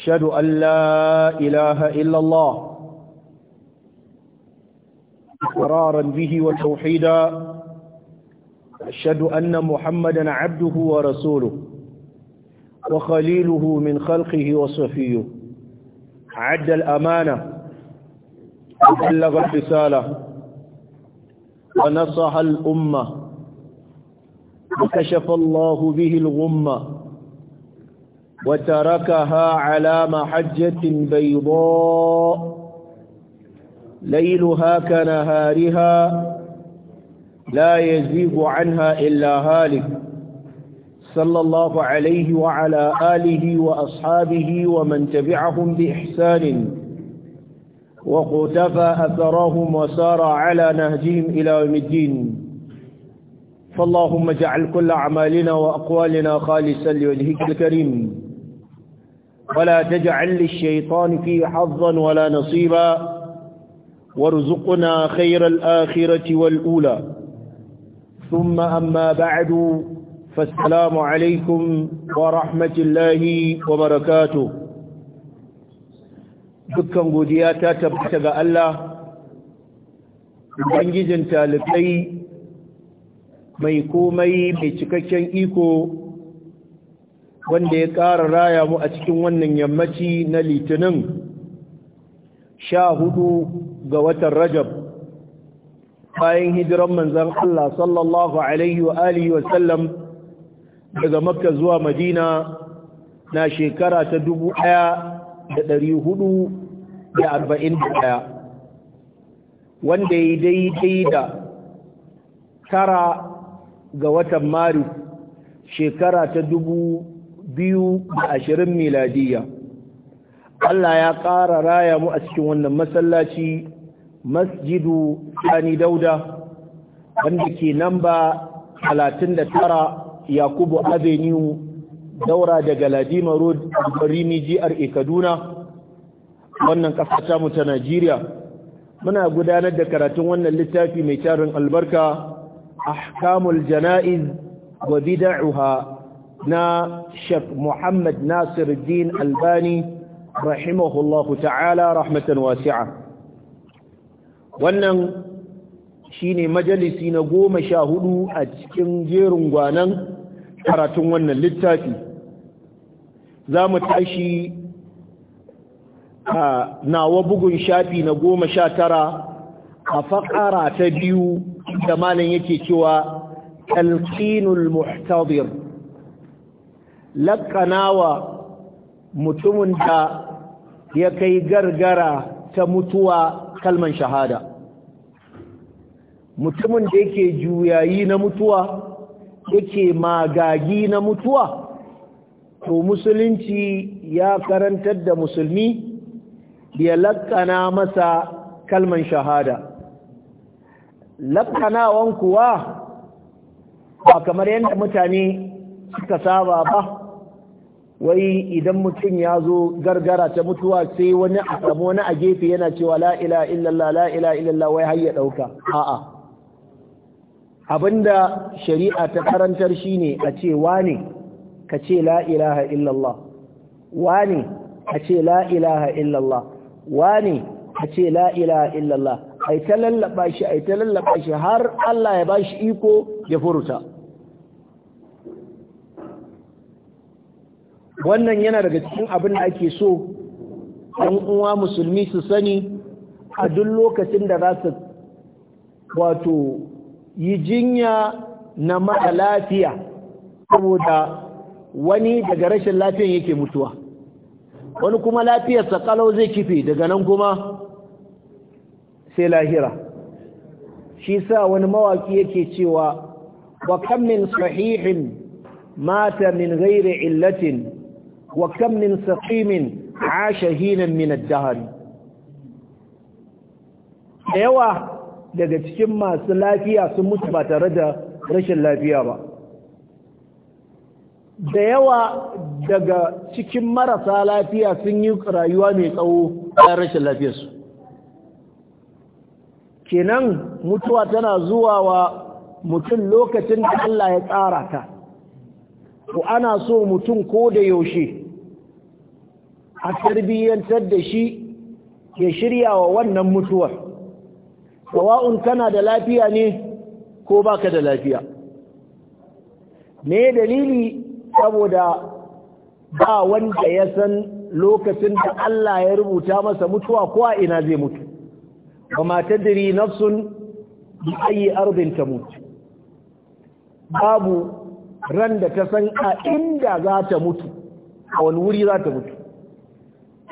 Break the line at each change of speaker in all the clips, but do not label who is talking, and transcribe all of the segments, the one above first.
أشهد ان لا اله الا الله اقرارا به وتوحيدا اشهد ان محمدا عبده ورسوله وخليله من خلقه وصفيه عد الامانه وبلغ الرساله ونصح الامه وكشف الله به الغمه وتركها على محجة بيضاء ليلها كنهارها لا يزيغ عنها إلا هالك صلى الله عليه وعلى آله وأصحابه ومن تبعهم بإحسان وقتفى أثرهم وسار على نهجهم إلى يوم الدين فاللهم اجعل كل أعمالنا وأقوالنا خالصا لوجهك الكريم ولا تجعل للشيطان في حظا ولا نصيبا وارزقنا خير الآخرة والأولى ثم أما بعد فالسلام عليكم ورحمة الله وبركاته dukkan godiya ta tabbata ga Allah ubangijin talibai mai komai mai cikakken iko wanda ya ƙara raya mu a cikin wannan yammaci na litinin sha hudu ga watan rajab bayan hijiran manzan Allah sallallahu alaihi wa alihi daga makka zuwa madina na shekara ta dubu ɗaya da ɗari hudu da arba'in da ɗaya wanda ya daidai da tara ga watan maris shekara ta dubu biyu da ashirin miladiya Allah ya ƙara raya mu a cikin wannan masallaci masjidu sani dauda wanda ke namba 39 yakubu avenue daura daga ladima road barimi jihar kaduna wannan ƙasa mu ta najeriya muna gudanar da karatun wannan littafi mai tarin albarka ahkamul jana'iz wa bidauha na Sheikh Muhammad Nasiruddin Albani rahimahullahu ta'ala rahmatan wasi'a wannan shine majalisi na goma sha hudu a cikin jerin gwanan karatun wannan littafi za mu tashi a nawa bugun shafi na goma sha tara a faƙara ta biyu da malam yake cewa talqinul muhtadir laƙanawa mutumin da ya kai gargara ta mutuwa kalman shahada mutumin da yake juyayi na mutuwa yake magagi na mutuwa to musulunci ya karantar da musulmi ya laƙana masa kalman shahada laƙanawan kuwa ba kamar yadda mutane suka saba ba wai idan mutum ya zo gargara ta mutuwa sai wani a samu wani a gefe yana cewa la ilaha illallah la ilaha illallah wai har ya dauka a'a abinda shari'a ta karantar shine a ce wane ka ce la ilaha illallah wane a ce la ilaha illallah wane a ce la ilaha illallah ai ta lallaba shi ai ta lallaba shi har Allah ya bashi iko ya furuta. wannan yana daga cikin abin da ake so ɗan uwa musulmi su sani a duk lokacin da za su wato yi jinya na mara lafiya saboda wani daga rashin lafiyan yake mutuwa wani kuma lafiyarsa kalau zai kife daga nan kuma sai lahira shi sa wani mawaki yake cewa wa kam min sahihin mata min ghairi illatin وكم من سقيم عاش هينا hinan min ايوا yawa daga cikin masu lafiya sun mutu ba tare da rashin lafiya ba da yawa daga cikin marasa lafiya sun yi rayuwa mai tsawo bayan rashin lafiyarsu kenan mutuwa tana zuwa wa mutum lokacin da Allah ya tsara ta to ana so mutum ko da yaushe a tarbiyyantar da shi ke shirya wa wannan mutuwar kawa'un kana da lafiya ne ko baka da lafiya me dalili saboda ba wanda ya san lokacin da Allah ya rubuta masa mutuwa ko a ina zai mutu wa ma tadri nafsun bi ayi ardin tamut babu ran da ta san a inda za ta mutu a wani wuri za ta mutu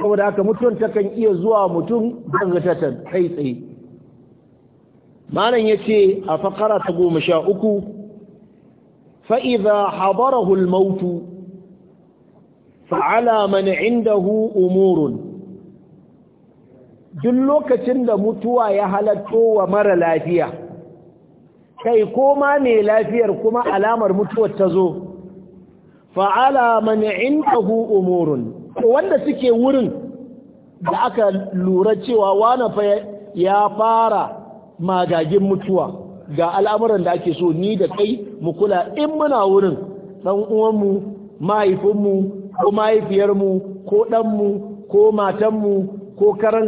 saboda haka ta kan iya zuwa mutum dangatatan kai tsaye malam ya ce a fakara ta goma sha uku fa'iza habara hulmautu fa'ala mani hu umurun duk lokacin da mutuwa ya halatto wa mara lafiya kai koma mai lafiyar kuma alamar mutuwar ta zo fa'ala mani indahu umurun wanda suke wurin da aka lura cewa wana fa ya fara magagin mutuwa ga al'amuran da ake so ni da kai mu kula in muna wurin ɗan uwanmu mahaifinmu ko mahaifiyarmu ko ɗanmu ko matanmu ko karan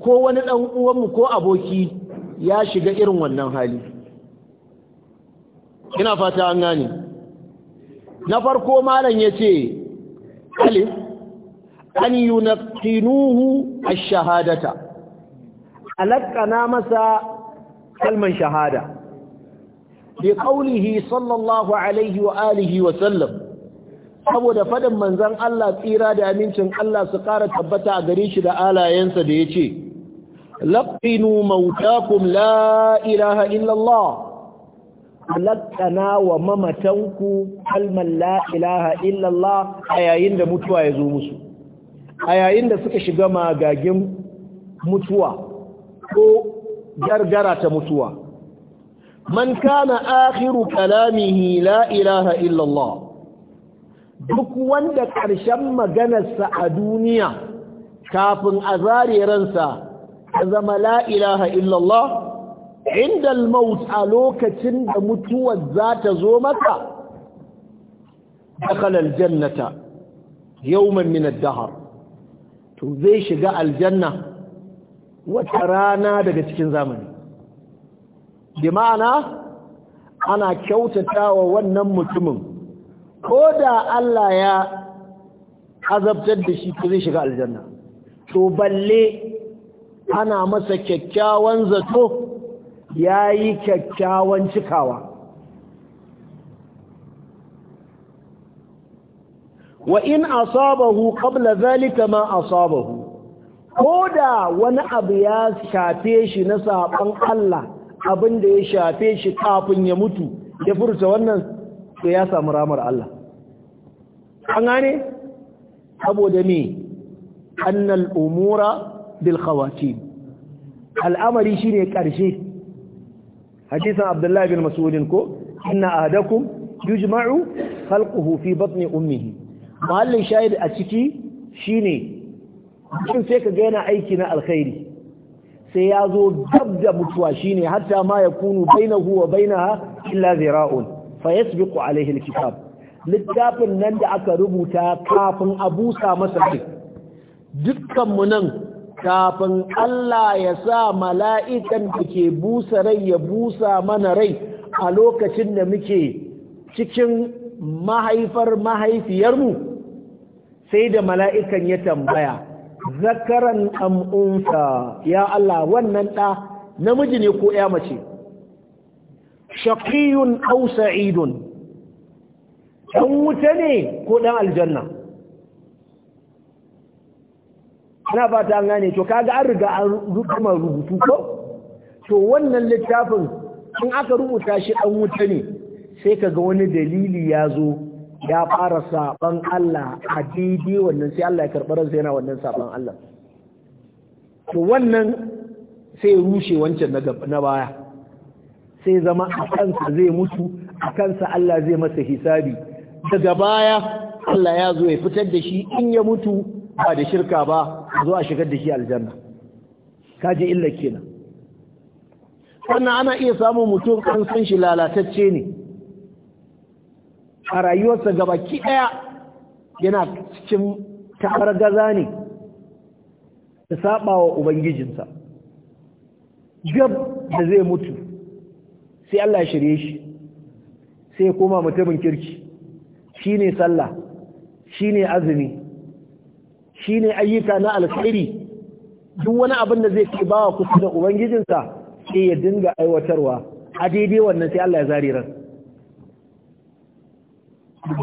ko wani ɗan ko aboki ya shiga irin wannan hali ina fata an gani. na farko malam ya ce alif an yunaqinuhu ash-shahadata alaqana masa kalman shahada bi qawlihi sallallahu alaihi wa alihi wa sallam saboda faɗin manzon Allah tsira da amincin Allah su ƙara tabbata a gare shi da alayensa da yace laqinu mautakum la ilaha illallah halattana wa mamatanku kalmar la illallah a yayin da mutuwa ya zo musu a yayin da suka shiga magagin mutuwa ko gargara ta mutuwa man kana akhiru kalamihi la ilaha illallah duk wanda ƙarshen maganarsa a duniya kafin a zare ransa ta zama la ilaha illallah inda al-maut a lokacin da mutuwar zata ta zo maka dakhala al-jannata yawman min ad-dahr to zai shiga aljanna wata rana daga cikin zamani bi ma'ana ana kyautatawa wannan mutumin ko da Allah ya azabtar da shi ko zai shiga aljanna to balle ana masa kyakkyawan zato ya yi kyakkyawan cikawa wa in asabahu qabla zalika ma asabahu da wani abu ya shafe shi na saban Allah abin da ya shafe shi kafin ya mutu ya furta wannan to ya samu ramar Allah an gane saboda me annal umura bil khawatim al'amari shine karshe Hadisan abdullahi bin mas'udin ko inna ahadakum yujma'u khalquhu fi batni ummihi mahallin shahid a ciki shine mutum sai ka ga yana aiki na alkhairi sai ya zo gab da mutuwa shine hatta ma yakunu bainahu wa bainaha illa zira'un fayasbiqu alayhi alkitab littafin nan da aka rubuta kafin abusa masa dukkan mu nan kafin Allah ya sa mala'ikan da ke busa rai ya busa mana rai a lokacin da muke cikin mahaifar mahaifiyarmu sai da mala'ikan ya tambaya zakaran am'unsa ya Allah wannan ɗa namiji ne ko ya mace Shakiyun ausa'idun ɗan wuta ne ko ɗan aljanna ina fata ta gane to kaga an riga an rubuta rubutu ko to wannan littafin in aka rubuta shi dan wuta ne sai kaga wani dalili ya zo ya fara saban Allah a daidai wannan sai Allah ya karɓi ransa yana wannan saban Allah to wannan sai ya rushe wancan na baya sai zama a kansa zai mutu a kansa Allah zai masa hisabi daga baya Allah ya zo ya fitar da shi in ya mutu ba da shirka ba a zo a shigar da shi aljanna kaji illa kenan sannan ana iya samun mutum an san shi lalatacce ne a rayuwarsa gabaki ɗaya yana cikin tabar gaza ne da saba ubangijinsa gab da zai mutu sai Allah ya shirye shi sai ya koma mutumin kirki shine sallah shine azumi shi ne ayyuka na alkhairi duk wani abin da zai ke wa kusa da ubangijinsa sai ya dinga aiwatarwa a daidai wannan sai Allah ya zari ran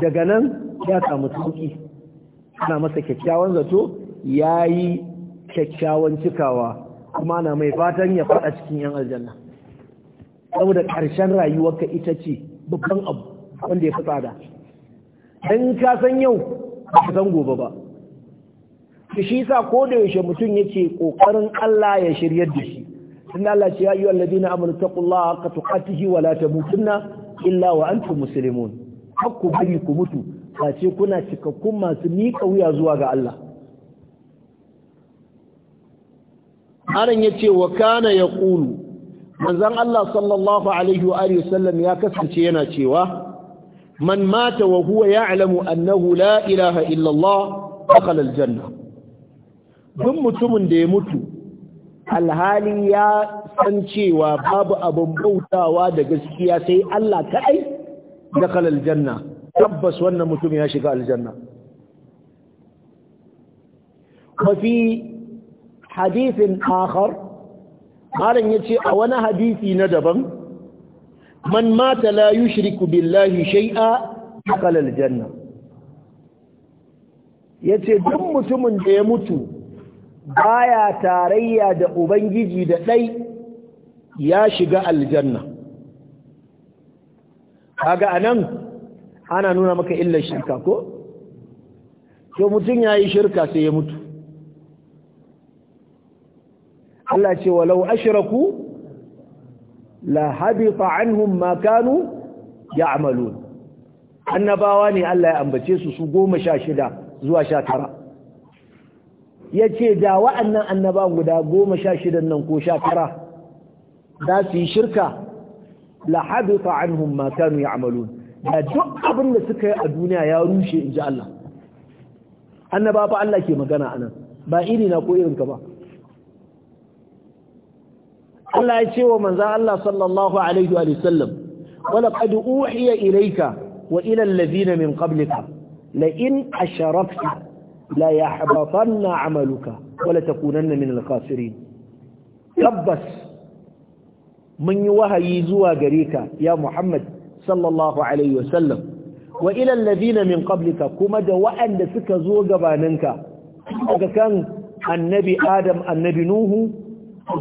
daga nan ya samu sauki ana masa kyakkyawan zato ya yi kyakkyawan cikawa kuma na mai fatan ya faɗa cikin yan aljanna saboda ƙarshen ka ita ce babban abu wanda ya fi tsada don ka san yau ba ka san gobe ba shi sa ko da yaushe mutum yake kokarin Allah ya shiryar da shi inna Allah ce ya ayyuhal ladina amanu taqullaha haqqa tuqatihi wa la tamutunna illa wa antum muslimun hakku bari ku mutu face kuna cikakkun masu miƙa wuya zuwa ga Allah Aran ya ce wa kana ya ƙulu, manzan Allah sallallahu Alaihi wa sallam ya kasance yana cewa, Man mata wa huwa ya'lamu annahu la ilaha illallah, dakhala aljanna. duk mutumin da ya mutu alhali ya san cewa babu abin bautawa da gaskiya sai Allah kaɗai da kalal janna tabbas wannan mutum ya shiga aljanna Kwafi hadithin akhar malam ce a wani hadisi na daban man mata la yushriku billahi shay'a kalal janna, yace duk mutumin da ya mutu baya tarayya da ubangiji da ɗai ya shiga aljanna kaga anan ana nuna maka illar shirka ko to mutum yayi shirka sai ya mutu Allah ce walau ashraku la habita anhum ma kanu ya'malun annabawa ne Allah ya ambace su su goma sha shida zuwa sha tara. ya ce da wa'annan annaban guda goma sha shidan nan ko sha tara za su yi shirka la habita anhum ma ya ya'malun da duk abin da suka yi a duniya ya rushe inji Allah annaba Allah ke magana anan ba iri na ko irin ka ba Allah ya ce wa manzon Allah sallallahu alaihi wa sallam wala qad uhiya ilaika wa ila alladhina min ƙablika la in asharakta la yahbatanna amaluka wala takunanna min al-khasirin tabbas mun yi wahayi zuwa gare ka ya Muhammad sallallahu alaihi wasallam wa ila alladhina min qablika kuma da wa'anda suka zo gabaninka daga kan annabi Adam annabi Nuhu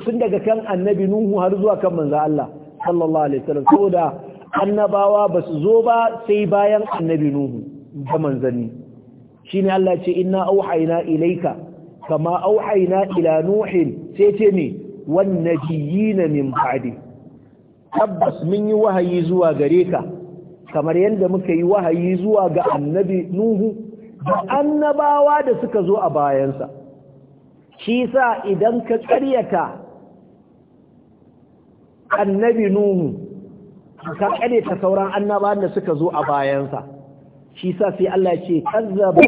sun daga kan annabi Nuhu har zuwa kan manzo Allah sallallahu alaihi wasallam saboda annabawa ba su zo ba sai bayan annabi Nuhu ga manzanni shine Allah ce inna auhaina ilaika kama auhayna ila nuhin sai ce ne wan nabiyina min ba'di tabbas mun yi wahayi zuwa gare ka kamar yadda muka yi wahayi zuwa ga annabi nuhu da annabawa da suka zo a bayansa shi sa idan ka karyata annabi nuhu ka karyata sauran annabawan da suka zo a bayansa shi sa sai Allah ce kazzaba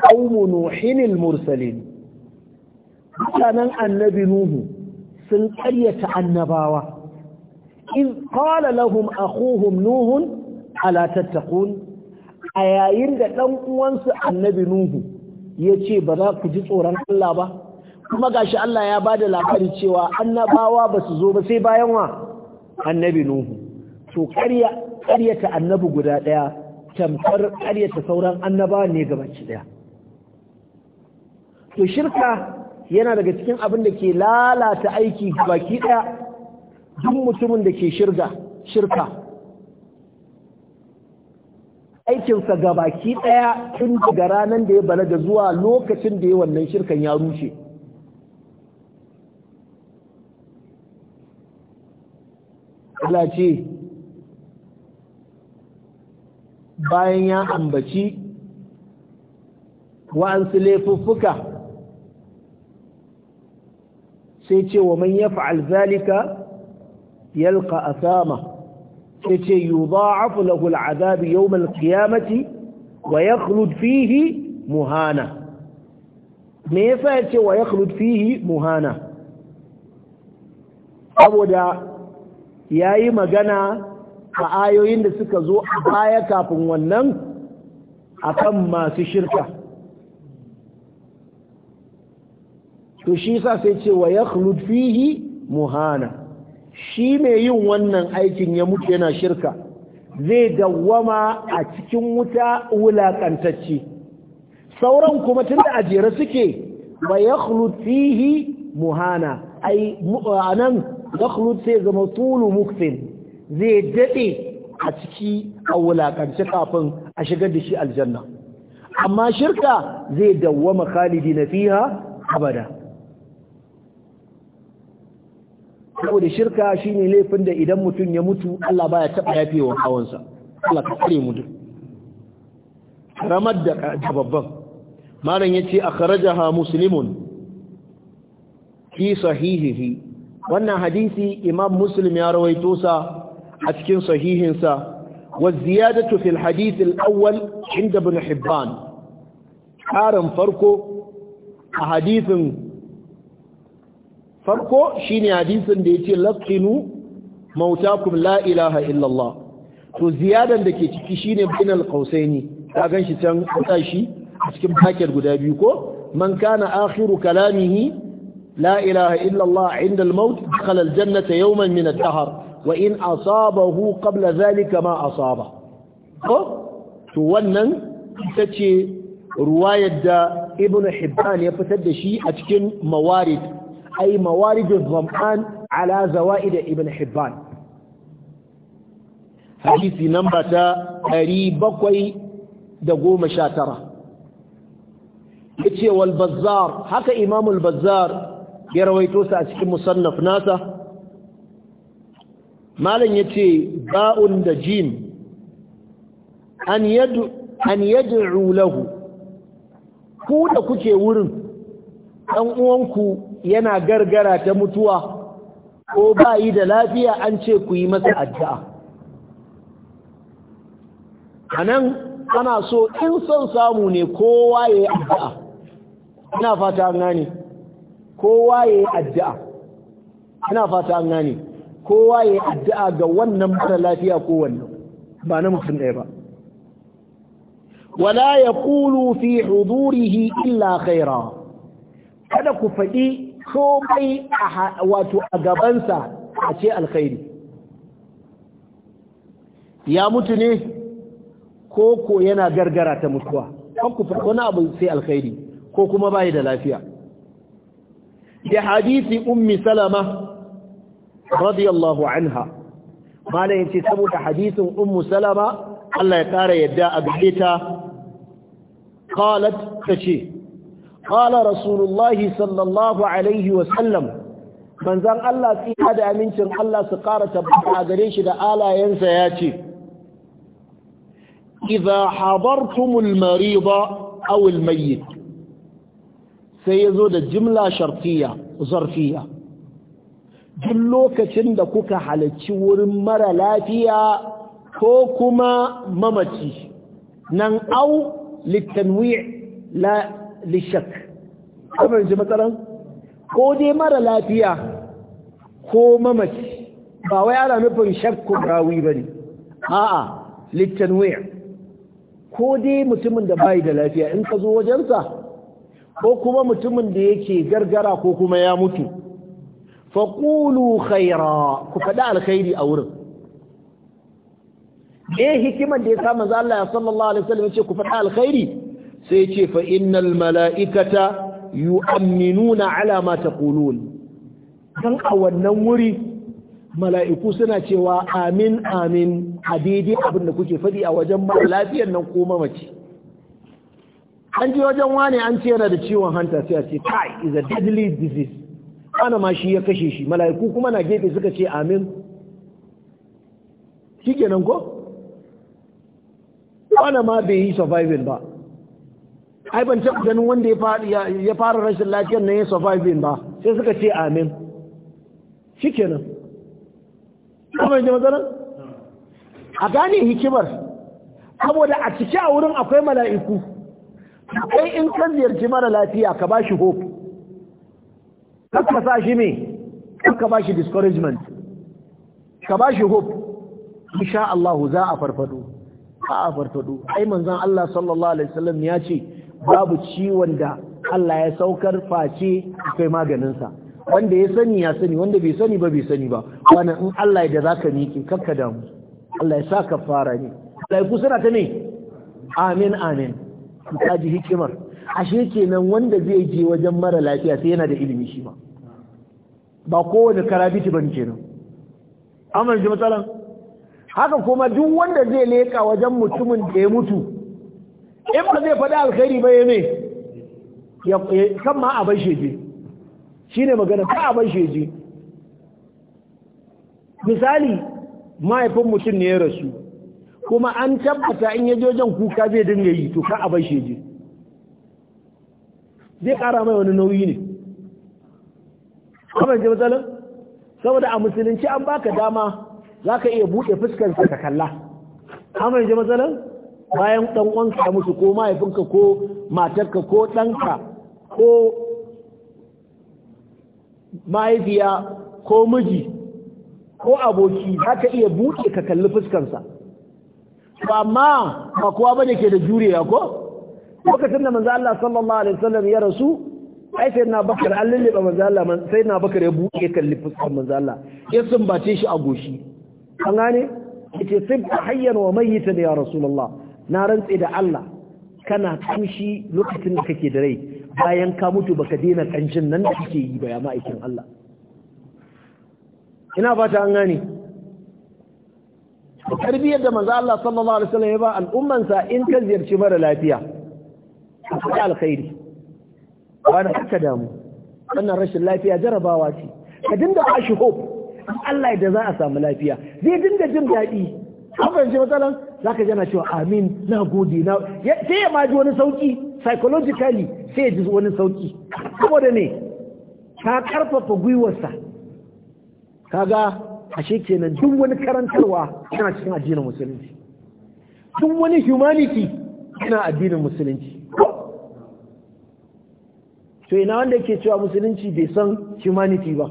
qaumu nuhinil mursalin mutanen annabi nuhu sun ƙaryata annabawa in qala lahum akhuhum nuhun ala tattaqun a yayin da dan uwansu annabi nuhu yace ba za ku ji tsoron Allah ba kuma gashi Allah ya bada labari cewa annabawa ba su zo ba sai bayan wa annabi nuhu to qarya qaryata annabi guda ɗaya tamfar ƙaryata sauran annaba ne gabaci daya to shirka yana daga cikin abin da ke lalata aiki baki daya duk mutumin da ke shirga shirka aikinsa ga baki daya tun daga ranar da ya balaga zuwa lokacin da ya wannan shirkan ya rushe Allah ce bayan ya ambaci wa'ansu laifuffuka sai ce wa man ya fa'al zalika yalka a sama. sai ce yi za'afu lahul azabi yau malkiyamati wa ya fihi muhana me yasa ya ce wa ya fihi muhana saboda ya yi magana a ayoyin da suka zo a baya kafin wannan akan masu shirka to shi sa sai ce wa ya fihi muhana shi mai yin wannan aikin ya mutu yana shirka zai dawwama a cikin wuta wulaƙantacce sauran kuma tun da ajiyar suke wa ya fihi muhana a nan ya sai zama tulu muktin zai daɗe a ciki a wulaƙance kafin a shigar da shi aljanna amma shirka zai dawwama khalidi na fiha abada saboda shirka shine laifin da idan mutum ya mutu Allah baya taɓa yafewa kawansa Allah ka tsare mutu ramar da babban malam yace akhrajaha musulmin fi sahihihi wannan hadisi imam muslim ya rawaito sa a cikin sahihinsa wa ziyadatu fil hadith al-awwal inda ibn Hibban karin farko a hadithin farko shine hadithin da yake laqinu mautakum la ilaha illa Allah to ziyadan da ke ciki shine bin al-qausaini ka ganshi can kashi a cikin bakin guda biyu ko man kana akhiru kalamihi la ilaha illa Allah inda al-maut dakhala al-jannata yawman min al wa in asabahu qabla zalika ma asaba to wannan ita ce ruwayar da Ibn hibban ya fitar da shi a cikin mawarid ay mawarid az-zam'an ala zawaid ibn hibban hadisi namba ta 719 yace wal bazzar haka imamul bazzar ya rawaito sa a cikin musannaf nasa malam ce ba'un da jin an yad'u rulahu ku da kuke wurin ɗan uwanku yana gargara ta mutuwa ko ba yi da lafiya an ce ku yi masa addu'a A nan, ana so in son samu ne kowa ya yi addu'a ina fata an gane kowa ya yi addu'a ina fata an gane kowa ya addu'a ga wannan mara lafiya ko wannan ba na mutum ɗaya ba wala ya kulu fi hudurihi illa khaira kada ku faɗi komai wato a gabansa a ce alkhairi ya mutu ne ko ko yana gargara ta mutuwa kan ku faɗi wani abu sai alkhairi ko kuma bayi da lafiya da hadisi ummi salama radiyallahu anha malam yace saboda hadisin ummu salama Allah ya kara yadda a gare ta qalat tace qala rasulullahi sallallahu alaihi wa sallam manzon Allah tsira da amincin Allah su kara tabbata a gare shi da alayensa yace idza hadartumul marida aw al mayyit sai yazo da jimla shartiyya zarfiyya duk lokacin da kuka halarci wurin mara lafiya ko kuma mamaci nan au littanwi la lishak kamar ji matsaran ko dai mara lafiya ko mamaci ba wai ana nufin shakku rawi ba ne a'a littanwi ko dai mutumin da bai da lafiya in ka zo wajensa ko kuma mutumin da yake gargara ko kuma ya mutu faƙulu khaira ku faɗi alkhairi a wurin e hikimar da ya samu manzo Allah sallallahu alaihi wasallam ya ce ku faɗi alkhairi sai ya ce fa innal mala'ikata yu'minuna ala ma taqulun dan a wannan wuri mala'iku suna cewa amin amin a daidai abin da kuke faɗi a wajen mara lafiyar nan ko mace. an je wajen wane an ce yana da ciwon hanta sai a ce kai is a deadly disease ana ma shi ya kashe shi mala'iku kuma na gefe suka ce amin shi kenan ko ana ma bai yi surviving ba ai ban taɓa ganin wanda ya fara rashin lafiyar na ya surviving ba sai suka ce amin shi kenan kuma yanzu matsalar a gane hikimar saboda a cike a wurin akwai mala'iku akwai in kan ziyarci mara lafiya ka ba shi hope kakka sa shi me kakka ba shi discouragement ka ba shi hope insha Allah za a farfado a a farfado ai manzon Allah sallallahu alaihi wasallam ya ce babu ciwon da Allah ya saukar face akwai maganin sa wanda ya sani ya sani wanda bai sani ba bai sani ba wannan in Allah ya da zaka miƙe kakka damu Allah ya sa ka fara ne Allah ya kusura ta ne amin amin ka ji hikimar ashe kenan wanda zai je wajen mara lafiya sai yana da ilimi shi ma ba kowane karabiti bane kenan amma ji matsalan haka kuma duk wanda zai leka wajen mutumin da ya mutu in ba zai faɗi alkhairi ba ya kan ma a bashe je shi ne magana ka a bashe je misali mahaifin mutum ne ya rasu kuma an tabbata in ya wajen kuka zai dinga yi to ka a bashe je zai ƙara mai wani nauyi ne kamar ji matsalar saboda a musulunci an baka dama za ka iya buɗe fuskarsa ka kalla kamar ji matsalar bayan ɗan uwanka musu ko mahaifinka ko matarka ko ɗanka ko mahaifiya ko miji ko aboki za ka iya buɗe ka kalli fuskarsa ba ma ba kowa ne ke da jurewa ko lokacin da manzo Allah sallallahu alaihi wasallam ya rasu ai sai na bakar an lullube manzo Allah sai na bakar ya buke kalli fuskar manzo Allah ya sumbace shi a goshi an gane yace sib hayyan wa mayyitan ya rasulullah na rantse da Allah kana tushi lokacin da kake da rai bayan ka mutu baka daina kancin nan da kake yi ba ya ma'aikin Allah ina fata an gane tarbiyyar da manzo Allah sallallahu alaihi wasallam ya ba al'ummansa in ka ziyarci mara lafiya ka faɗi alkhairi wani haka damu wannan rashin lafiya jarabawa ce ka dinga ba shi hope Allah da za a samu lafiya zai dinga jin daɗi an fahimci matsalan zaka ka jana cewa amin na gode na sai ya maji wani sauki psychologically sai ya ji wani sauki saboda ne ka karfafa gwiwarsa kaga ashe kenan duk wani karantarwa yana cikin addinin musulunci duk wani humanity yana addinin musulunci to ina wanda ke cewa musulunci bai san humanity ba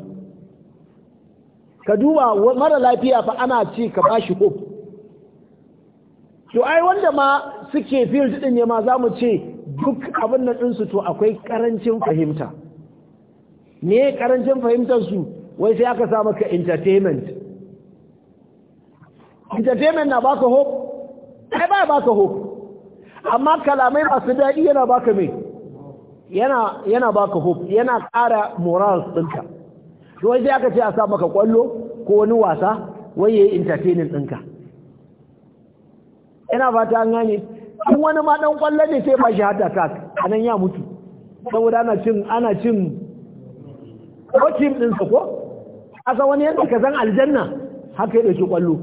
ka duba mara lafiya fa ana ce ka bashi hope to ai wanda ma suke field din ne ma za mu ce duk abin nan ɗinsu to akwai ƙarancin fahimta me ƙarancin fahimtarsu wai sai aka samu ka entertainment entertainment na baka hope ai ba baka hope amma kalamai masu daɗi yana baka mai yana yana baka hope yana ƙara moral ɗinka to wai sai aka ce a sa maka ƙwallo ko wani wasa wai yayi entertaining ɗinka ina fata an gane in wani ma dan ƙwallo ne sai ba shi ta anan ya mutu saboda ana cin ana cin ko team ɗinsa ko asa wani yadda ka zan aljanna haka ya ɗauki ƙwallo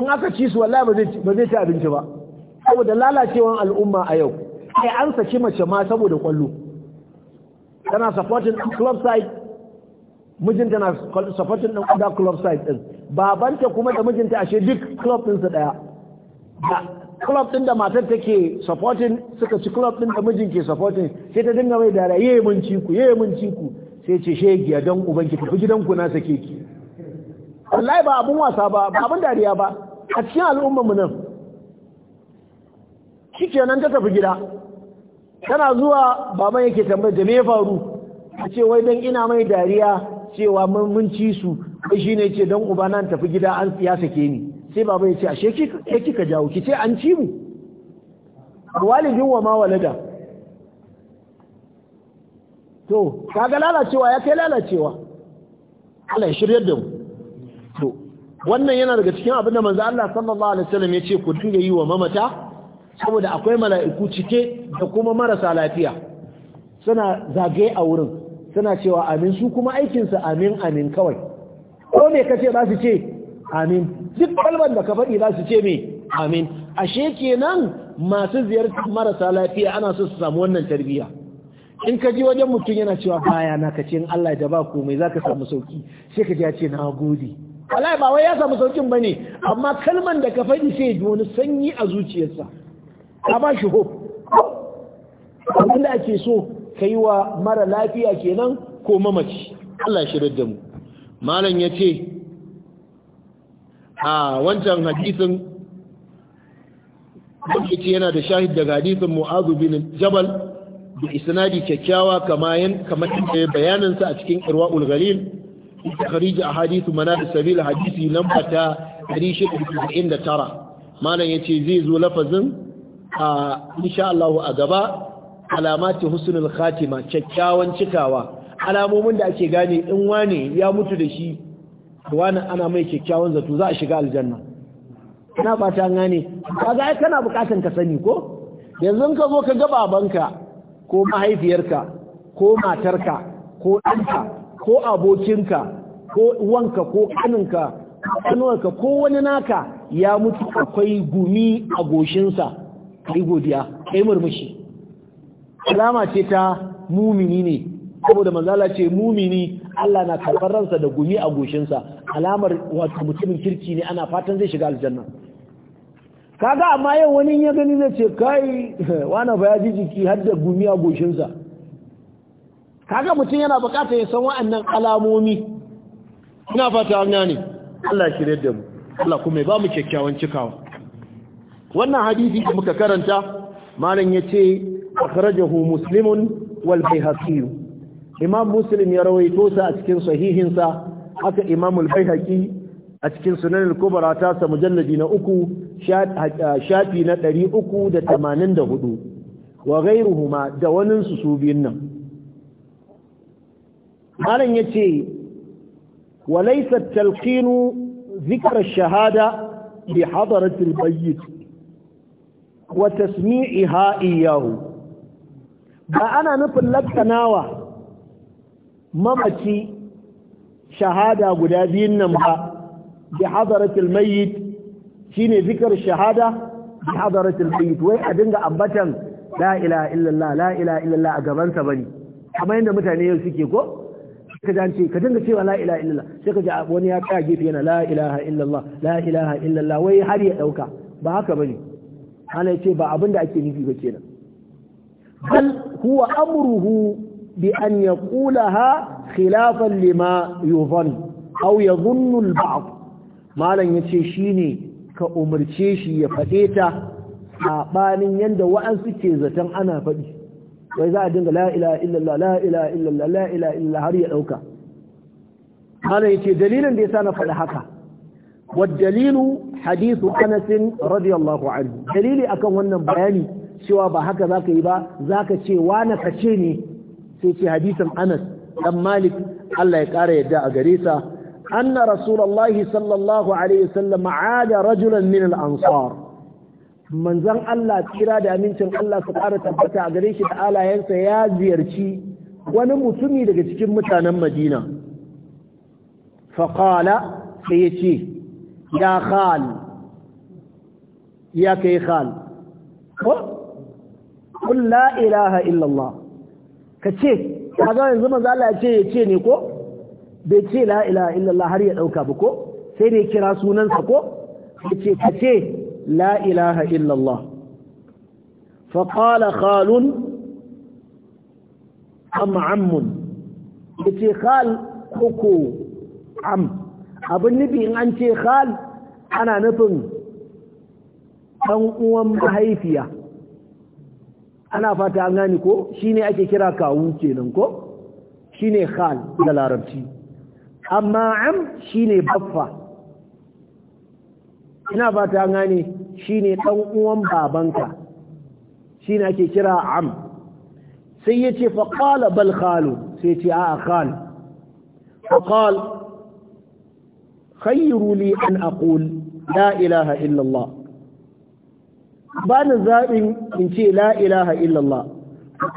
in aka ci su wallahi ba zai ci abinci ba saboda lalacewar al'umma a yau sai an saki mace ma saboda kwallo tana supporting din club side mijinta na supporting din other club side din babanta kuma da mijinta ashe duk club din su daya da club din da matar take supporting suka ci club din da mijin ke supporting sai ta dinga mai dara yayi mun ci ku yayi mun ci ku sai ce she giya dan uban ki tafi gidan ku na sake ki wallahi ba abun wasa ba ba abun dariya ba a cikin al'ummar mu nan kenan ta tafi gida tana zuwa baban yake tambayar da me ya faru a ce wai dan ina mai dariya cewa mun ci su kai shine ce dan uba nan tafi gida an ya sake ni sai baba ya ce ashe ke kika jawo ki ce an ci mu walidin wa ma walada to kaga lalacewa ya kai lalacewa Allah ya shiryar da mu to wannan yana daga cikin abin da manzo Allah sallallahu alaihi wasallam ya ce ku dinga yi wa mamata saboda akwai mala'iku cike da kuma marasa lafiya suna zagaye a wurin suna cewa amin su kuma aikinsa amin amin kawai ko me kace za su ce amin duk kalmar da ka faɗi za su ce me amin ashe kenan masu ziyartar marasa lafiya ana so su samu wannan tarbiyya in ka ji wajen mutum yana cewa baya na ka ce Allah ya ba komai zaka samu sauki sai ka ji ya ce na gode wallahi ba wai ya samu saukin bane amma kalman da ka faɗi sai ji wani sanyi a zuciyarsa ka ba shi hope abin da ake so ka yi wa mara lafiya kenan ko mamaci Allah shi da mu malam ya ce a wancan hadisin wanda ce yana da shahid daga hadisin mu'azu bin jabal da isnadi kyakkyawa kamar yadda ya bayaninsa a cikin irwa'ul galil a ahadith manad sabil hadisi lamba ta 699 malam yace zai zo lafazin a insha a gaba alamati husnul khatima kyakkyawan cikawa alamomin da ake gane in wane ya mutu da shi wani ana mai kyakkyawan zato za a shiga aljanna ina fata gane kaza ai kana bukatan ka sani ko yanzu ka zo ka ga babanka ko mahaifiyarka ko matarka ko ɗanka ko abokinka ko wanka ko kaninka ko wani naka ya mutu akwai gumi a goshinsa kai godiya kai murmushi alama ce ta mumini ne saboda manzala ce mumini Allah na karɓar ransa da gumi a goshinsa alamar wato mutumin kirki ne ana fatan zai shiga aljanna kaga amma yau wani ya gani zai ce kai wani ba ya ji jiki har da gumi a goshinsa kaga mutum yana bukatar ya san wa'annan alamomi ina fata an ne Allah shirye da mu Allah kuma ya ba mu kyakkyawan cikawa wannan hadisi da muka karanta malam yace akhrajahu muslimun wal bayhaqi imam muslim ya rawaito sa a cikin sahihin sa haka imam al bayhaqi a cikin sunan al kubra ta sa mujalladi na uku shafi na 384 wa ghayruhuma da wani su su biyun nan malam yace walaysa at-talqinu shahada bi بحضرة البيت wa tasmi'iha iyahu ba ana nufin lakkanawa mamaci shahada guda biyun nan ba bi hadaratul mayyit shine zikr shahada bi hadaratul mayyit wai a dinga ambatan la ilaha illallah la ilaha illallah a gaban sa bane kamar yadda mutane yau suke ko ka ce ka dinga cewa la ilaha illallah sai ka ji wani ya tsaya gefe yana la ilaha illallah la ilaha illallah wai har ya dauka ba haka bane hana yace ba abin da ake nufi ba kenan bal huwa amruhu bi an yaqulaha khilafan lima yuzan aw yadhunnu al-ba'd malan yace shine ka umarce shi ya fade ta sabanin yanda wa'ansu ke zaton ana faɗi wai za a dinga la ilaha illallah la ilaha illallah la ilaha illallah har ya dauka hana yace dalilin da yasa na faɗi haka والدليل حديث أنس رضي الله عنه دليل أكون وانا بياني شوى بحكا ذاك إبا ذاك شي وانا كشيني سيتي حديث أنس أم مالك الله يكاري يدعى قريسة أن رسول الله صلى الله عليه وسلم عاد رجلا من الأنصار من زن الله كرا دا أمينتن الله سبحانه تبتع قريشة تعالى ينسى يا زيرتي ونمتمي لك تكمتنا مدينة فقال سيتي ya khal ya kai khal ko qul la ilaha illa Allah kace kaga yanzu manzo Allah ya ce ya ce ne ko bai ce la ilaha illallah har ya dauka ba ko sai ne kira sunansa ko yace kace la ilaha illallah fa qala khalun am ammun yace khal ko am abin nufi in an ce khal ana nufin ɗan uwan mahaifiya ana fata an gani ko shine ake kira kawu kenan ko shine khal da larabci amma am shine baffa ina fata an gani shine ɗan uwan babanka shine ake kira am sai yace fa qala bal khalu sai yace a khal fa qala khayru li an aqul la ilaha illallah bani zaɓin in ce la ilaha illallah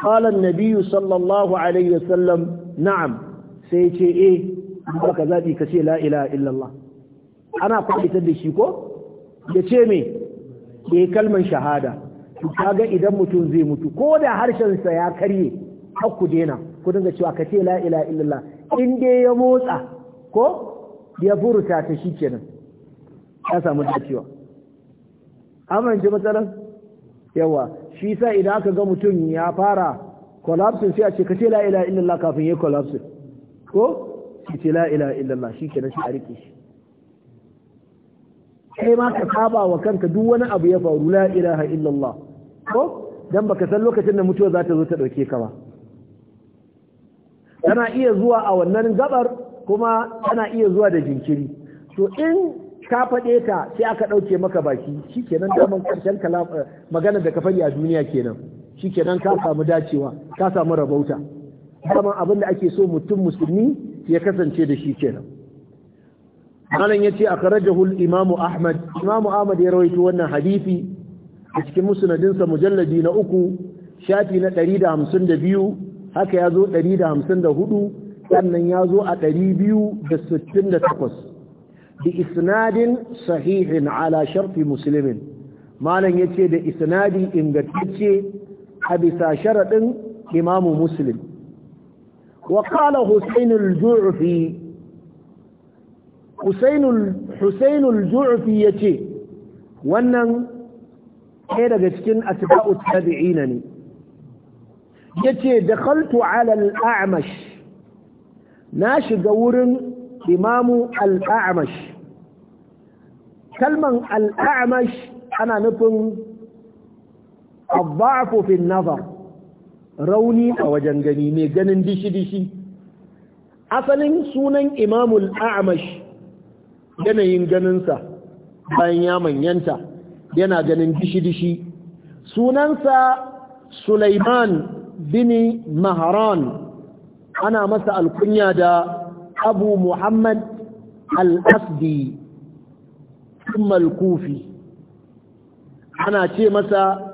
qala an sallallahu alaihi wasallam na'am sai ce eh baka zabi ka ce la ilaha illallah ana kwaitar da shi ko ya ce me ya kalman shahada kaga idan mutum zai mutu ko da harshensa ya karye har ku dena ku dinga cewa ka ce la ilaha illallah in dai ya motsa ko ya furuta ta shi kenan ya samu dacewa amma ji matsalar yawa shi sa idan aka ga mutum ya fara collapsing sai a ce kace la ila illallah kafin ya collapsing ko ce la ila illallah shi kenan shi a rike shi kai ma ka saba wa kanka duk wani abu ya faru la ilaha illallah ko dan baka san lokacin da mutuwa za ta zo ta dauke ka ba kana iya zuwa a wannan gabar kuma tana iya zuwa da jinkiri to in ka faɗe ta sai aka ɗauke maka baki shi kenan daman ƙarshen eh, maganar da ka faɗi a duniya kenan shi kenan ka samu dacewa ka samu rabauta daman abin da ake so mutum musulmi ya kasance da shi kenan malam yace akhrajahu al-imamu ahmad imamu ahmad ya rawaito wannan hadisi a cikin musnadinsa mujalladi na uku shafi na da da hamsin ɗari biyu, haka ya zo da da hamsin hudu. sannan ya zo a 268 bi isnadin sahihin ala sharfi muslimin malam yace da isnadi ingantacce a bisa sharadin imamu muslim wa qala husayn al-ju'fi husayn al-husayn yace wannan ɗaya daga cikin asba'u tabi'ina ne yace dakhaltu ala al-a'mash na shiga wurin imamu al'amash kalman al'amash ana nufin abba'afu fi nazar rauni a wajen gani mai ganin dishi-dishi asalin sunan imamul a'amash yanayin ganinsa bayan ya manyanta yana ganin dishi-dishi sunansa Suleiman bin Maharan ana masa alkunya da abu muhammad al-asdi kufi ana ce masa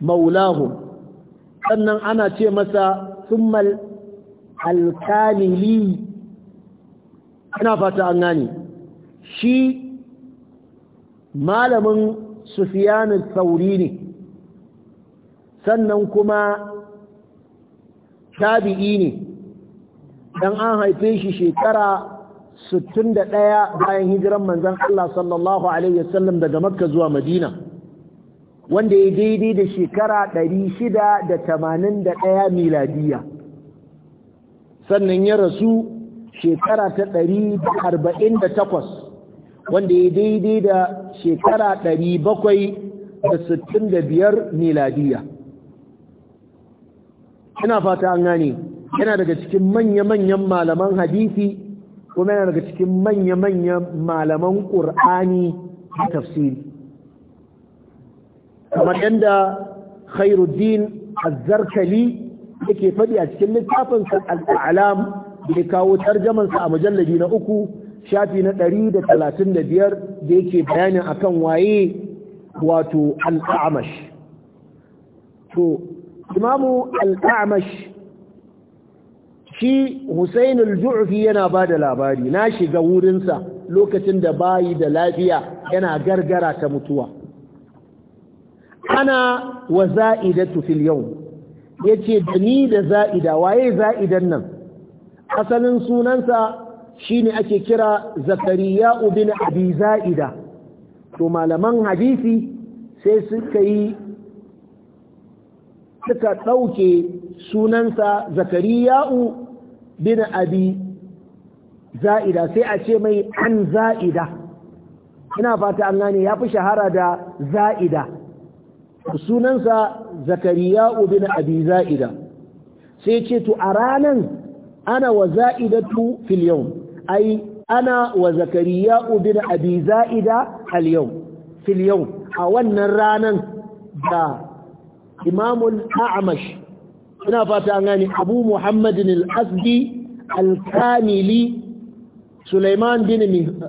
maulahum sannan ana ce masa summa al-kamili fata an gani. shi malamin sufiyanin sauri ne sannan kuma tabi'i ne dan an haife shi shekara 61 bayan hijiran manzon Allah sallallahu alaihi wasallam daga Makka zuwa Madina wanda ya daidai da shekara 681 miladiya sannan ya rasu shekara ta 148 wanda ya daidai da shekara 765 miladiya ina fata an gane yana daga cikin manya-manyan malaman hadisi kuma yana daga cikin manya-manyan malaman ƙur'ani da tafsiri kamar yadda khairuddin azzarkali yake faɗi a cikin littafin al'alam da kawo tarjamansa a mujalladi na uku shafi na ɗari da talatin da biyar da yake bayani akan waye wato al'amash to imamu al'amash shi Hussein al-Ju'fi yana da labari na shiga wurinsa lokacin da bayi da lafiya yana gargara ta mutuwa ana wa za'idatu fil yawm yace da ni da za'ida waye za'idan nan asalin sunansa shine ake kira Zakariya ibn Abi Za'ida to malaman hadisi sai suka yi suka ɗauke sunansa zakariya'u bin abi za'ida sai a ce mai an za'ida ina fata an gane ya fi shahara da za'ida sunansa zakariya bin abi za'ida sai ce to a ranan ana wa za'idatu fil yawm ai ana wa zakariya bin abi za'ida al yawm a wannan ranan da imamul a'mash ina fata an abu muhammadin al-asdi al-kamili Suleiman bin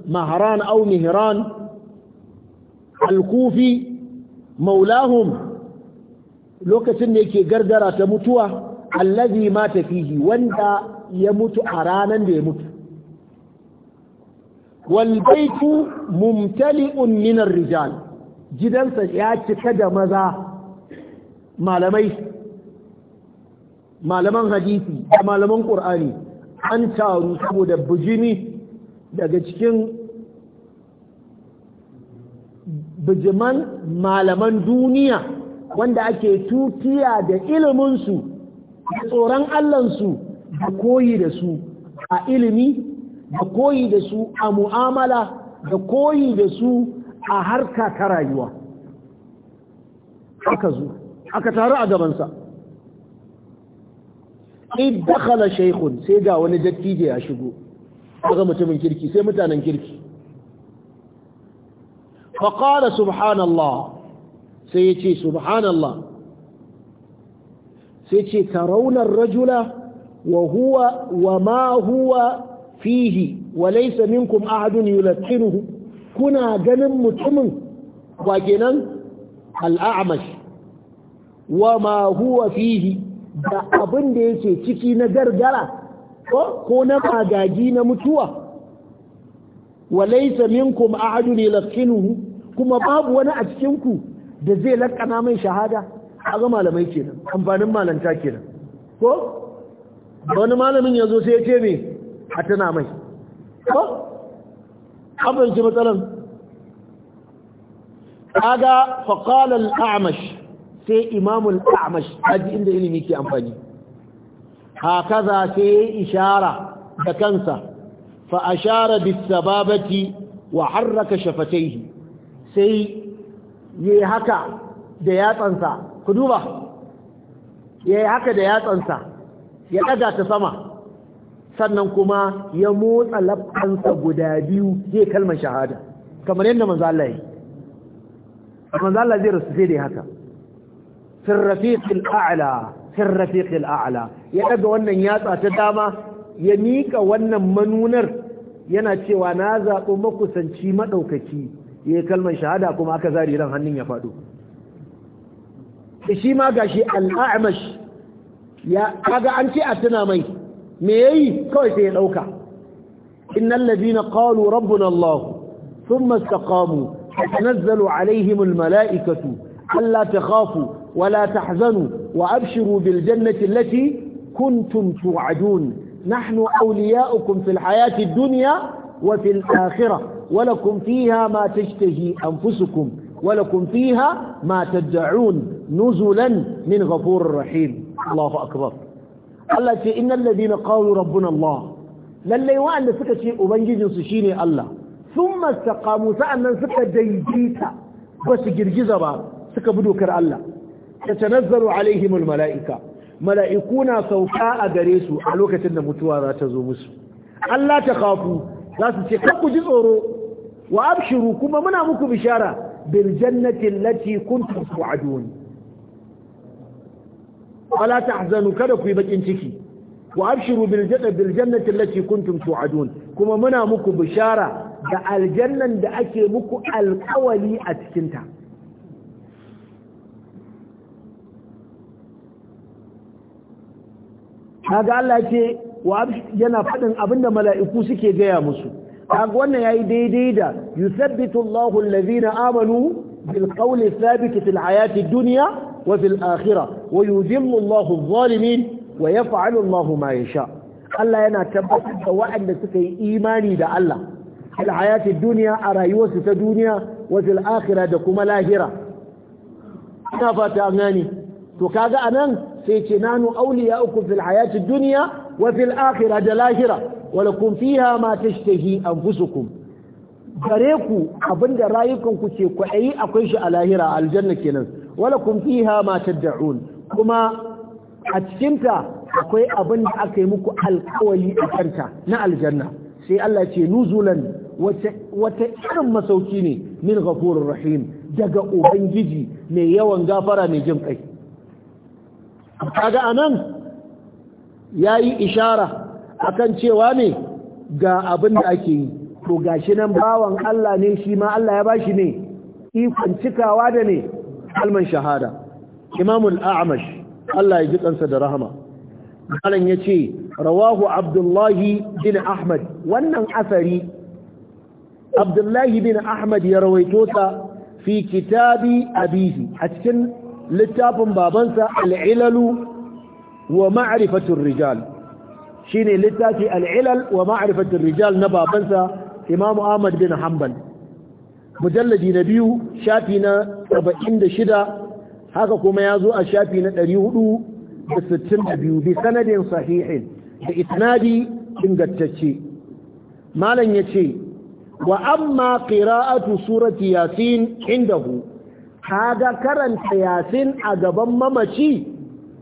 mahran au mihran al-kufi maulahum lokacin da yake gargara ta mutuwa allazi mata fihi wanda ya mutu a ranan da ya mutu walbaitu baitu mumtali'un min ar-rijal gidansa ya cika da maza
malamai
malaman hadisi da malaman ƙur'ani an taru saboda bijimi daga cikin bijiman malaman duniya wanda ake tutiya da iliminsu da tsoron allansu da koyi da su a ilimi da koyi da su a mu'amala da koyi da su a harka ta rayuwa aka zo aka taru a gabansa in dakhala shaykhun sai ga wani dattijo ya shigo daga mutumin kirki sai mutanen kirki fa qala subhanallah sai yace subhanallah sai yace tarawna ar-rajula wa huwa wa ma huwa fihi wa laysa minkum ahadun yulqinuhu kuna ganin mutumin wa kenan al-a'mash wa ma huwa fihi da abin da yake ciki na gargara ko na magaji na mutuwa walaisa minkum ahadun yalqinuhu kuma babu wani a cikin ku da zai lakana mai shahada ga malamai kenan amfanin malanta kenan ko wani malamin yazo sai ya ce me a tana mai ko abin ji matsalan kaga faqala al-a'mash sai imamul amash haji inda ilimi ke amfani za sai ya ishara da kansa fa ashara bisababati wa harraka shafataihi sai yayi haka da yatsansa ku duba haka da yatsansa ya ɗaga ta sama sannan kuma ya motsa lafansa guda biyu zai kalmar shahada kamar yadda Manzala yi zai rasu sai da haka fil rafiqil a'la ya daga wannan yatsa ta dama ya mika wannan manunar yana cewa na zaɓo makusanci madaukaki yayi kalmar shahada kuma aka zari ran hannun ya faɗo shi ma gashi al'amash ya kaga an ce a tuna mai me yayi kawai sai ya ɗauka innal ladina qalu rabbuna allah thumma istaqamu tanazzalu alaihim almalaikatu alla takhafu ولا تحزنوا وأبشروا بالجنة التي كنتم توعدون نحن أولياؤكم في الحياة الدنيا وفي الآخرة ولكم فيها ما تشتهي أنفسكم ولكم فيها ما تدعون نزلا من غفور رحيم الله أكبر قال لك إن الذين قالوا ربنا الله لن يوعى أن سكت أبنجي سشيني الله ثم استقاموا سأمن سكت ديجيتا بس جرجزة بار سكبدو كر الله tatanazzaru alaihimul mala'ika mala'iku na sauka a gare su a lokacin da mutuwa za ta zo musu Allah ta kafu za su ce kan ji tsoro wa abshiru kuma muna muku bishara bil jannati allati kuntum tu'adun wala tahzanu kada kuyi bakin ciki wa kuma muna muku bishara da aljannan da ake muku alkawali a cikinta kaga Allah ce wa yana faɗin abinda mala'iku suke gaya musu kaga wannan yayi daidai da yusabbitu Allahu allazina amanu bil qawli thabit fil hayati dunya wa fil akhirah wa yudhillu Allahu adh-dhalimin wa yaf'alu Allahu ma yasha Allah yana tabbatar da waɗanda suka yi imani da Allah fil hayati dunya a rayuwarsu ta duniya wa fil akhirah da kuma lahira ina fata an gane to kaga anan sai ce nanu awliya'ukum fil hayati dunya wa fil akhirah da lahira wa lakum fiha ma tashtahi anfusukum ku abinda rayukan ku ke akwai shi a lahira aljanna kenan wala lakum fiha ma tad'un kuma a cikinta akwai abin da aka yi muku alkawali a kanta na aljanna sai Allah ce nuzulan wata irin masauki ne min ghafurur rahim daga ubangiji mai yawan gafara mai jin kai kaga anan yayi ishara akan cewa ne ga abin da ake yi to gashi nan bawan Allah ne shi ma Allah ya bashi ne ikon cikawa da ne kalman shahada Imamul al-A'mash Allah ya ji kansa da rahama malan yace rawahu Abdullah bin Ahmad wannan asari Abdullah bin Ahmad ya rawaito sa fi kitabi abihi a cikin littafin babansa al'ilalu wa ma'rifatur rijal shi ne littafi al'ilal wa ma'rifatur rijal na babansa Imam Ahmad bin Hanbal mujalladi na biyu shafi na 76 haka kuma ya zo a shafi na 462 bi sanadin sahihin da isnadi ingantacce malam ya ce wa amma qira'atu surati yasin indahu kaga karanta yasin a gaban mamaci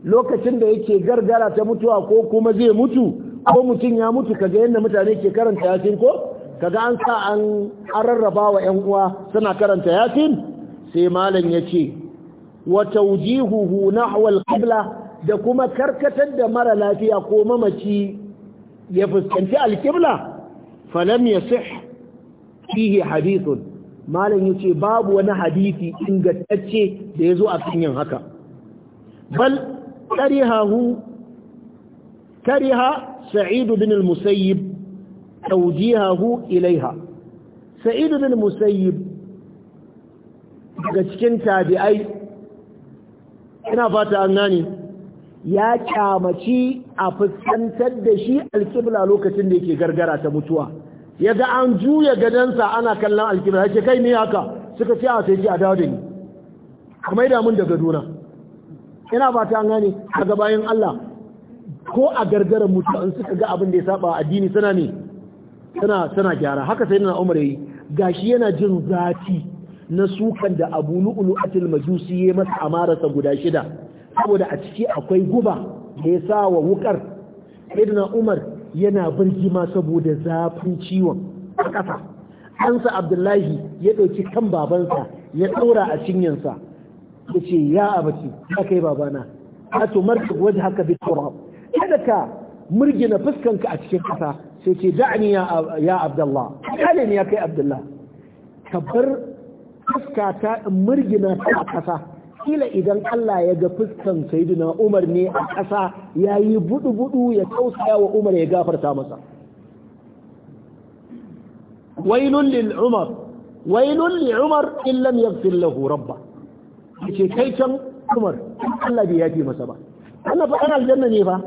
lokacin da yake gargara ta mutuwa ko kuma zai mutu ko mutum ya mutu kaga yadda mutane ke karanta yasin ko kaga an sa an rarraba wa ƴan uwa suna karanta yasin sai malam yace wa tawjihuhu nahwa al-qibla da kuma karkatar da mara lafiya ko mamaci ya fuskanci al-qibla falam yasih fihi hadithun malam yace babu wani hadisi ingantacce da ya zo a kan yin haka bal karihahu tariha sa'id bin al-musayyib tawjihahu ilaiha Sa'idu bin al-musayyib daga cikin tabi'ai ina fata an gane ya kyamaci a fuskantar da shi alkibla lokacin da yake gargara ta mutuwa ya ga an juya gadansa ana kallon alkibar ya ce kai ne haka suka ce a sai ji a dawo da ni kamar da mun da gadona ina ba ta gane a gabayin Allah ko a gargara mutu an suka ga abin da ya saba addini sana ne sana gyara haka sai na Umar yayi gashi yana jin zafi na sukan da Abu a atil Majusi ya masa amarasa guda shida saboda a ciki akwai guba da ya sa wa wukar Sayyidina Umar yana birgima saboda zafin ciwon a ƙasa ɗansa abdullahi ya ɗauki kan babansa ya ɗaura a cinyansa ya ce ya abaci ya kai babana a to marka waje haka bi kada ka murgina fuskanka a cikin ƙasa sai ce da'ani ya abdullah kale ne ya kai abdullah ka bar fuskata murgina ta a ƙasa kila idan Allah ya ga fuskan sayyidina Umar ne a ƙasa ya yi budu-budu ya tausaya wa Umar ya gafarta masa wailun lil Umar wailun li Umar in lam yaghfir lahu rabba ce kai can Umar Allah bai yafi masa ba Allah fa ana aljanna ne fa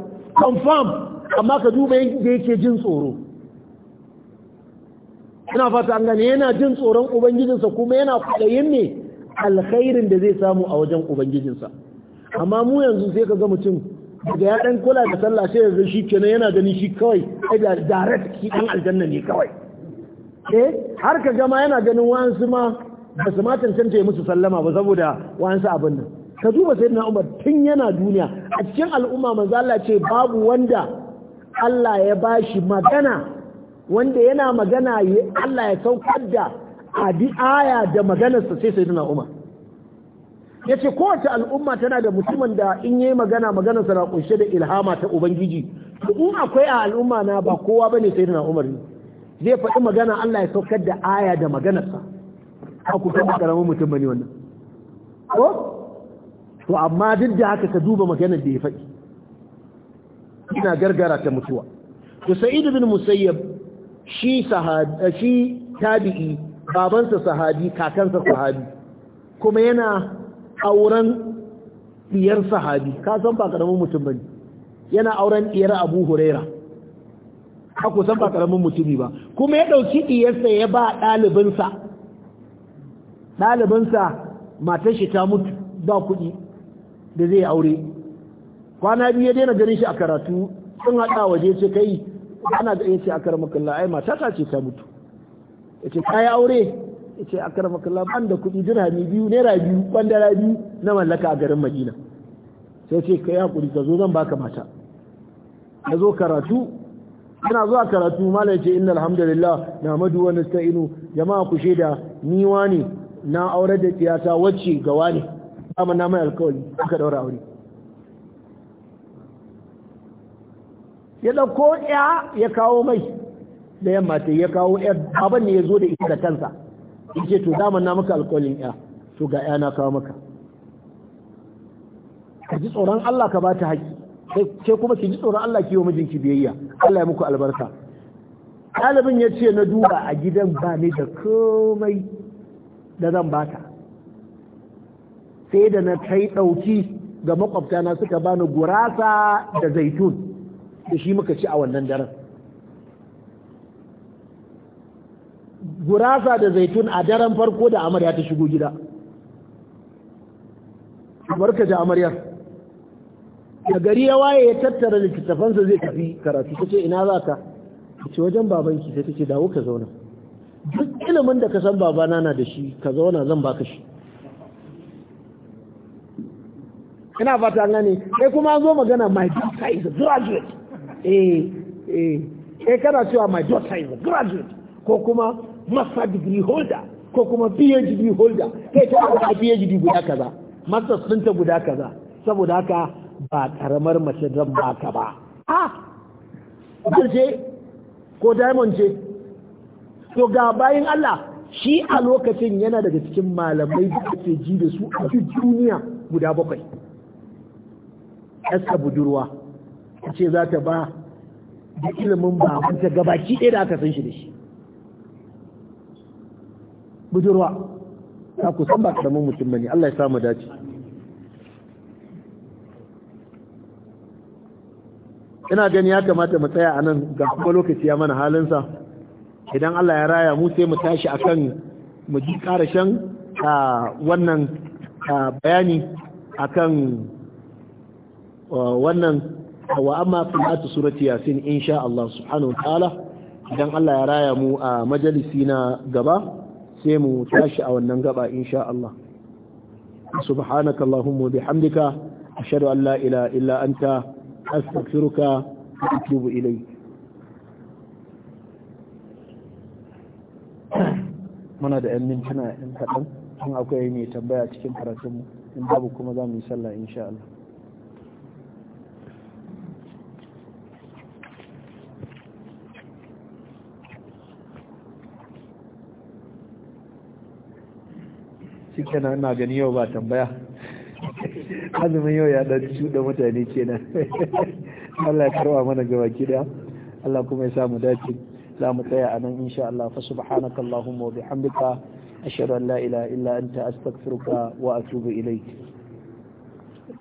confirm amma ka duba da yake jin tsoro ina fata an gane yana jin tsoron ubangijinsa kuma yana kwaɗayin ne alkhairin da zai samu a wajen ubangijinsa amma mu yanzu sai ka ga mutum daga ya dan kula da sallah sai yanzu shi kenan yana gani shi kawai ai da direct shi dan aljanna ne kawai eh har ka gama yana ganin wa'ansu ma ba su ma tantance musu sallama ba saboda wa'ansu abin nan ka duba sayyidina Umar tun yana duniya a cikin al'umma manzo Allah ce babu wanda Allah ya bashi magana wanda yana magana Allah ya saukar da a bi aya da maganarsa sai sai umar ya ce kowace al'umma tana da mutumin da in yi magana maganarsa na kunshe da ilhama ta ubangiji in akwai a al'umma na ba kowa bane sai tana umar ne zai faɗi magana Allah ya saukar da aya da maganarsa a ku san karamin mutum bane wannan ko to amma duk da haka ka duba maganar da ya faɗi ina gargara ta mutuwa to sa'id bin musayyab shi shi tabi'i babansa sahabi kakansa sahabi kuma yana auren diyar sahabi ka san ba karamin mutum bane yana auren diyar Abu Huraira ka ku san ba karamin mutumi ba kuma ya dauki diyarsa ya ba ɗalibinsa ɗalibinsa matar shi ta mutu ba kuɗi da zai aure kwana biyu ya daina ganin shi a karatu sun haɗa waje ce kai ana ga yace a karamar kalla ai mata ta ce ta mutu yace kai aure yace akramaka ban da kuɗi dirhami biyu naira biyu kwandara biyu na mallaka a garin Madina sai ce kai hakuri ka zo zan baka mata karatu ina zuwa karatu malam ce inna alhamdulillah na madu wa nasta'inu jama'a ku shaida ni wani na aure da tiyata wacce ga wani amma na mai alkawari aka daura aure ya ɗauko ya ya kawo mai da yamma ta ya kawo yar baban ne ya zo da ita da kansa ce to daman na maka alkolin ya to ga yana na kawo maka ka ji tsoron Allah ka bata haƙƙi sai kuma ki ji tsoron Allah ki yi wa mijinki biyayya Allah ya muku albarka ɗalibin ya ce na duba a gidan ba ni da komai da zan bata sai da na kai ɗauki ga na suka bani gurasa da zaitun da shi muka ci a wannan daren gurasa da zaitun a daren farko da amarya ta shigo gida barka ji amarya da gari ya waye ya tattara littattafansa zai tafi karatu ta ce ina za ka ta ce wajen babanki sai ta ce dawo ka zauna duk ilimin da ka san babana na da shi ka zauna zan baka shi ina fata gane sai kuma an zo magana my daughter is a graduate eh eh eh kana cewa my daughter is a graduate ko kuma master degree holder ko kuma phd holder kai ta a phd guda kaza masters ɗinta guda kaza saboda haka ba karamar mace zan baka ba a ce ko diamond ce to ga bayan Allah shi a lokacin yana daga cikin malamai da ake ji da su a duniya guda bakwai yasta budurwa ce za ta ba da ilimin ba babanta gabaki ɗaya da aka san shi da shi budurwa ta ku san ba karamin mutum bane Allah ya samu dace ina gani ya kamata mu tsaya anan ga kuma lokaci ya mana halinsa idan Allah ya raya mu sai mu tashi akan mu ji shan wannan bayani akan wannan wa amma filatu surati yasin insha Allah subhanahu wa ta'ala idan Allah ya raya mu a majalisi na gaba sai mu tashi a wannan gaba insha Allah سبحانك اللهم وبحمدك أشهد أن لا إله إلا أنت أستغفرك وأتوب إليك muna da 'yan mintuna 'yan kaɗan an akwai mai tambaya cikin karatunmu in babu kuma za mu yi sallah insha Allah cikin ina gani yau ba tambaya azumin yau ya dan da mutane kenan Allah ya karwa mana gaba kida Allah kuma ya samu dace za mu tsaya a nan insha Allah fa subhanaka allahumma wa bihamdika ashhadu an la ilaha illa anta astaghfiruka wa atubu ilayk